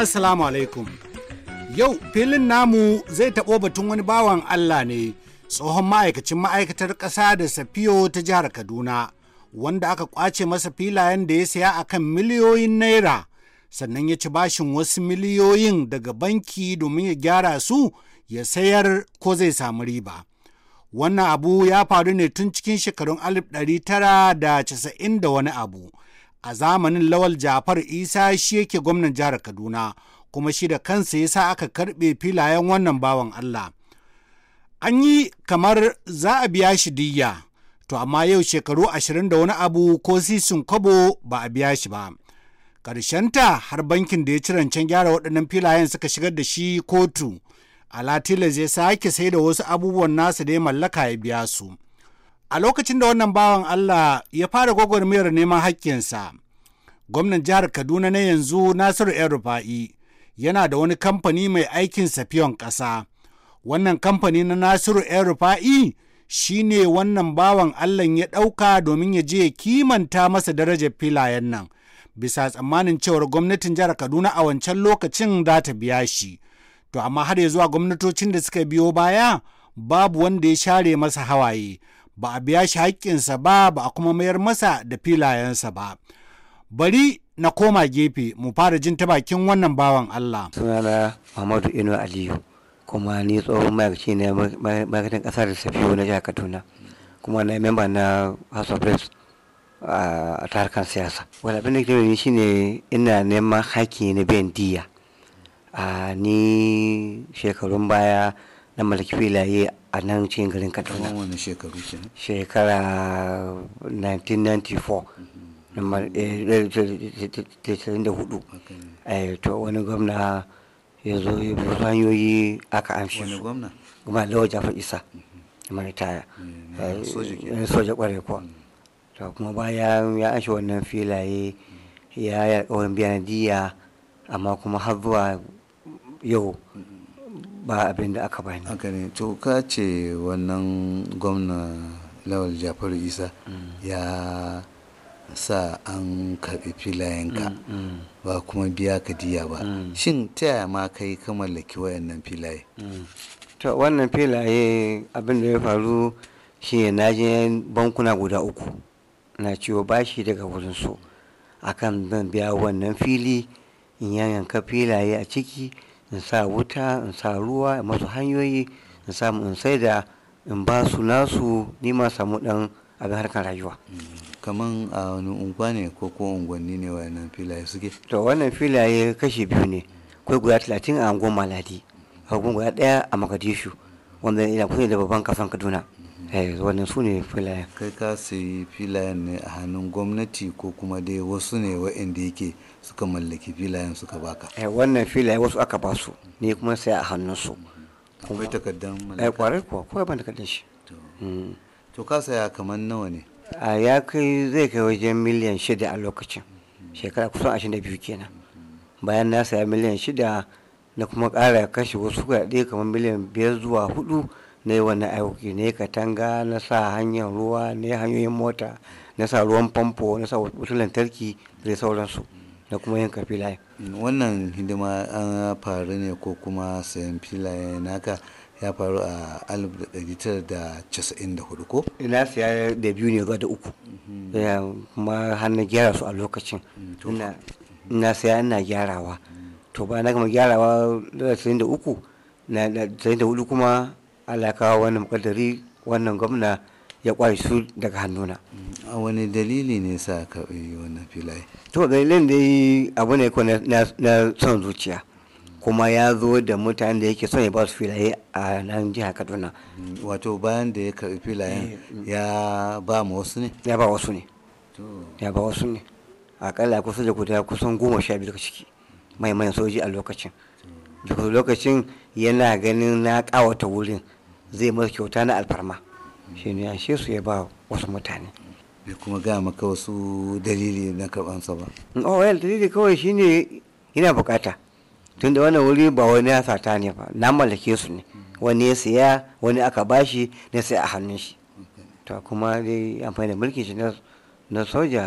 assalamu alaikum yau filin namu zai taɓo batun wani bawan allah ne tsohon ma'aikacin ma'aikatar ƙasa da safiyo ta jihar kaduna wanda aka ƙwace masa filayen da ya saya a kan miliyoyin naira sannan ya ci bashin wasu miliyoyin daga banki domin ya gyara su ya sayar ko zai samu riba wannan abu ya faru ne tun cikin shekarun 1990 da wani abu a zamanin lawal jafar isa shi yake gwamnan jihar kaduna kuma shi da kansa ya sa aka karɓe filayen wannan bawan allah an yi kamar za a biya shi diyya to amma yau shekaru ashirin da wani abu ko sisin kwabo ba a biya shi ba ƙarshenta har bankin da ya ci rancen gyara waɗannan filayen suka shigar da shi kotu alatila ya sake sai da wasu abubuwan nasa da ya mallaka ya biya su A lokacin da wannan bawan Allah ya fara gwagwarmayar neman hakkinsa, gwamnan jihar Kaduna na yanzu Nasiru ‘yan rufa'i yana da wani kamfani mai aikin safiyon ƙasa. Wannan kamfani na Nasiru ‘yan rufa'i shi ne wannan bawan Allah ya ɗauka domin ya je ya kimanta masa darajar filayen nan, bisa tsammanin cewar gwamnatin jihar Kaduna a wancan lokacin za ta biya shi. To amma har ya zuwa gwamnatocin da suka biyo baya, babu wanda ya share masa hawaye. ba a biya shi haƙƙinsa ba ba a kuma mayar masa da filayensa ba bari na koma gefe mu fara jin ta bakin wannan bawan Allah sunana Muhammadu Inu Aliyu kuma ni tsohon ma'aikaci ne ma'aikatan ƙasa da safiyo na jihar Kaduna kuma na memba na House of Reps a harkar siyasa wani abin da ke ne ina neman haƙƙi na biyan a ni shekarun baya na mallaki filaye a nan cikin garin kaduna shekara 1994 mm-hmm. na shekara 1994 94 to wani gwamna ya zo hanyoyi aka amshi su kuma lawa jafar isa mm-hmm. mai ritaya eh, soja kware eh, kuwa mm. to kuma bayan ya amshi wannan filaye mm. ya yi alkawarin biyan diya amma kuma har zuwa yau mm-hmm. ba abin da aka bani haka ne to ka ce wannan gwamna lawal jafaru isa mm. ya sa an karɓi ka mm, mm. ba kuma biya ka diya ba shin ta yaya ma kai ka mallaki wayannan filaye to wannan filaye abin da ya faru shi na je bankuna guda uku na ciwo bashi daga wurin su akan zan biya wannan fili in yanka filaye a ciki in sa wuta in sa ruwa in masu hanyoyi in samu in sai da in ba su nasu ni ma samu dan abin harkar rayuwa kaman a wani unguwa ne ko ko unguwanni ne wannan filaye suke to wannan filaye kashi biyu ne akwai guda talatin a angon maladi akwai guda daya a makadishu wanda ina kusa da babban kasan kaduna Eh, wannan su ne filayen kai ka sayi filayen ne a hannun gwamnati ko kuma dai wasu ne waɗanda yake suka mallaki filayen suka baka eh wannan filayen wasu aka ba su ne kuma sai a kuma akwai kaddan mallaka eh kwarai kuwa kawai ban kaddan shi mm. to ka saya kamar nawa ne a ya kai zai kai wajen miliyan shida a lokacin shekara kusan ashirin da biyu kenan bayan na saya miliyan shida na kuma ƙara kashe wasu kuɗaɗe kamar miliyan biyar zuwa hudu na wani aiki ne katanga na sa hanyar ruwa ne hanyoyin mota na sa ruwan famfo na sa wasu lantarki da sauransu da kuma yin filaye. wannan hidima an faru ne ko kuma sayan filaye naka ya faru a 1994 ko? ina siya da biyu ne da uku mhm. kuma hannun gyara su a lokacin mm, ina siya ina gyarawa mm. to ba na gama gyarawa da uku na da hudu kuma Allah kawo wannan kadari wannan gwamna ya kwashe su daga hannuna a wani dalili ne sa ka yi wannan filaye to dalilin da yi abu ne ko na son zuciya kuma ya zo da mutanen da yake son ya ba su filaye a nan jihar kaduna wato bayan da ya karbi filayen eh, mm. ya ba mu wasu ne ya ba wasu ne ya ba wasu ne akalla kusa da guda kusan goma sha biyu ciki mai soji a lokacin lokacin yana ganin na kawata wurin zai masa kyauta na alfarma shi ne shi su ya ba wasu mutane bai kuma ga maka wasu dalili na karɓansa ba oh well dalili kawai shine yana bukata tun da wannan wuri ba wani ya sata ne ba na mallake su ne wani ya siya wani aka bashi na sai a hannun shi to kuma dai amfani da mulkin shi na soja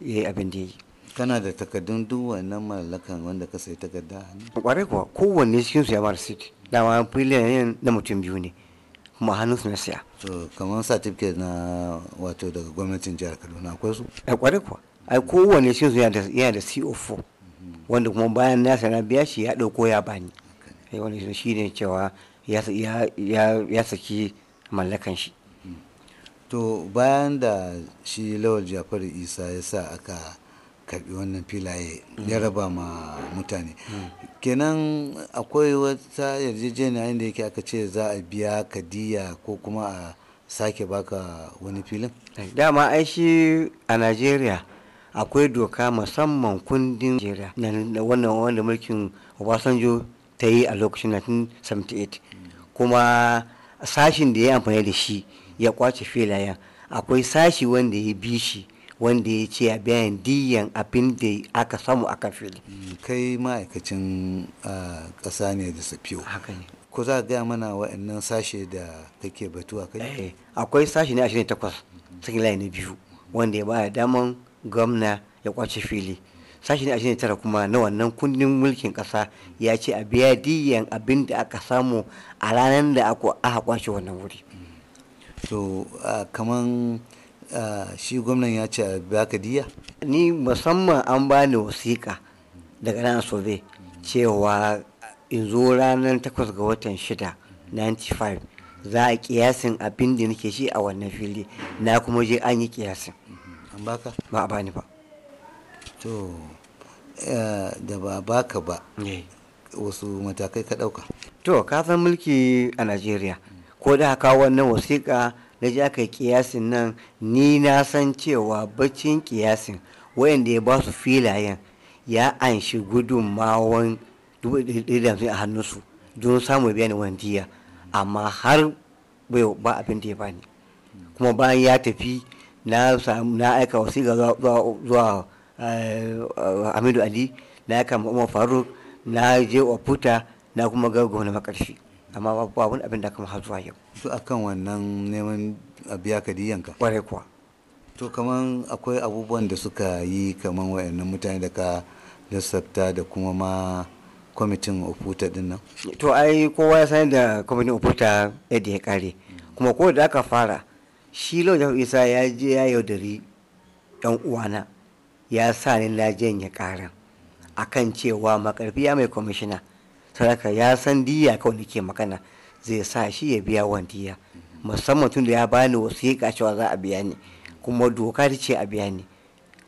ya yi abin da ya yi kana da takardun duk wannan mallakan wanda ka sai takarda hannu kwarai kuwa kowanne cikin su ya mara city dama filiyan na mutum biyu ne ma su na siya. to kamar certificate na wato daga gwamnatin jihar kaduna akwai su. a eh, kwarai kuwa ai kowane shi su yana da co4 mhm. wanda kuma bayan na sana biya shi ya ɗauko ya bani. ai eh, wani shi ne cewa ya saki mallakan shi. Hmm. to bayan da shi lawal jafar isa ya sa aka karbi wannan filaye ya hmm. raba ma mutane hmm. kenan akwai wata yarjejeniya inda yake aka ce za a biya kadiya ko kuma a sake baka wani filin eh, dama ai shi a najeriya akwai doka musamman kundin najeriya na wannan wanda mulkin obasanjo ta yi a lokacin 1978 kuma sashin da ya amfani da shi ya kwace filayen akwai sashi wanda ya bi shi wanda ya ce ya biyan diyan abin da aka samu akan fili mm, kai ma'aikacin ah, ƙasa ne da safiyo haka ne ko za gaya mana waɗannan sashe da kake batu a kai eh, akwai sashe na 28 cikin layi na biyu wanda ya ba daman gwamna ya kwace fili sashe na 29 kuma na wannan kundin mulkin kasa ya ce a biya diyan abin da aka samu a ranar da aka kwace wannan wuri to mm. ah, kaman shi gwamnan ya ce baka diya ni musamman an bani wasiƙa daga nan sobe cewa in zo ranar 8 ga watan 6 95 za a kiyasin abin da nake shi a wannan fili na kuma je an yi kiyasin an baka ba a bani ba to da ba baka ba wasu matakai ka dauka to ka san mulki a najeriya ko da haka wannan wasiƙa da ji aka yi kiyasin nan ni na san cewa baccin kiyasin wayanda ya ba su filayen ya anshi gudunmawan a hannunsu don samun biyan wandiya amma har ba abin da ya bani kuma bayan ya tafi na aika ga zuwa Hamidu eh, Ali na aika Umar Faruk na je Oputa na kuma ga gwamna makarshi amma babu abin abin da kama zuwa yau su akan wannan neman a biya ka diyanka kwarai kuwa to kaman akwai abubuwan da suka yi kaman wayannan mutane da ka lissafta da kuma ma kwamitin ofuta din nan to ai kowa ya sani da kwamitin ofuta yadda ya kare kuma ko da aka fara shi lau isa ya je ya yaudari yan uwana ya sa ni lajen ya kara akan cewa makarfiya mai kwamishina sadaka ya san diya kawai nake magana zai sa shi ya biya wa diya musamman tun da ya bani wasu wasiƙa cewa za a biya ni kuma doka ta ce a biya ni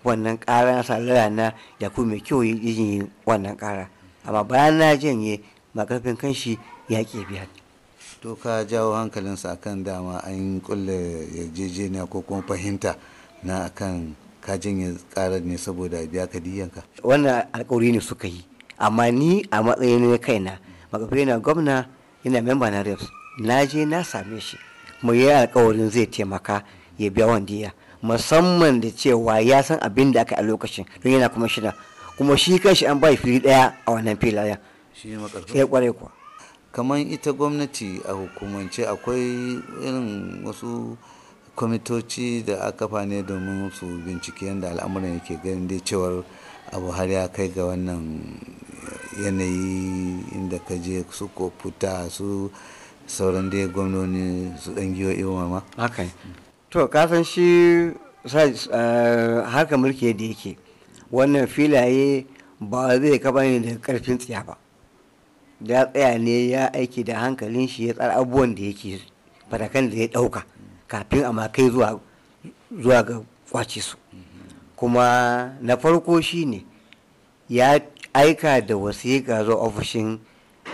wannan ƙara na salara na ya kuma mai kyau yi wannan ƙara amma bayan na janye makarfin kanshi ya ke biya ni to ka jawo hankalinsa akan dama an kulle yarjejeniya ko kuma fahimta na akan ka janye karar ne saboda biya ka diyanka wannan alƙawari ne suka yi amma ni a matsayin na kaina na gwamna yana memba na rips na je na same shi kuma ya alkawarin zai taimaka ya biya wandiya musamman da cewa ya san abin da aka a lokacin don yana kuma shida kuma shi shi an bai fili daya a wannan filayen shi ne eh, kuwa kamar ita gwamnati a hukumance akwai irin wasu kwamitoci da aka kafa domin su bincike yadda al'amuran yake ganin dai cewar abu har ya kai ga wannan yanayi inda ka je su kofuta su sauran dai gwamnoni su dan giyo iwama okay. to kasan shi eh, haka mulki yadda yake wannan filaye ba zai kaba ne da karfin tsiya ba ya tsaya ne ya aiki da hankalin shi ya tsara abubuwan da yake fatakan da ya dauka kafin a kai zuwa ga kwace su mm. kuma na farko shine ya aika da wasiƙa zuwa ofishin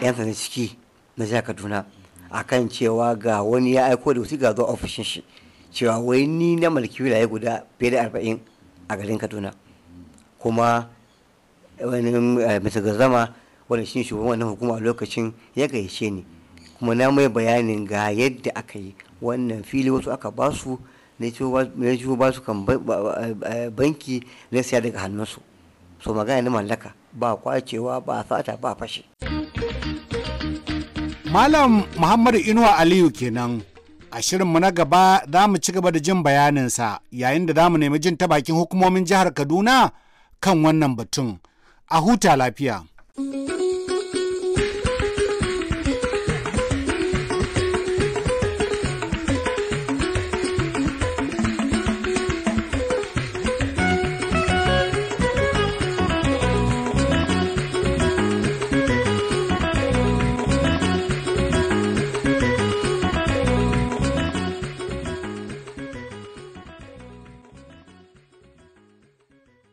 'yan sanda ciki na jihar kaduna akan cewa ga wani ya aiko da wasiƙa zuwa ofishin shi cewa wai ni na mulki wilaya guda fiye da arba'in a garin kaduna kuma wani eh, mr gazama wani shi shugaban wannan hukuma a lokacin ya gaishe ni kuma na mai bayanin ga yadda aka yi wannan fili wasu aka basu na ciwo ba su kan eh, banki na siya daga hannunsu so magana ne mallaka ba kwacewa ba sata ba fashe malam muhammadu inuwa aliyu kenan a shirinmu na gaba za mu ci gaba da jin bayanin sa yayin da za mu nemi jin ta bakin hukumomin jihar kaduna kan wannan batun a huta lafiya.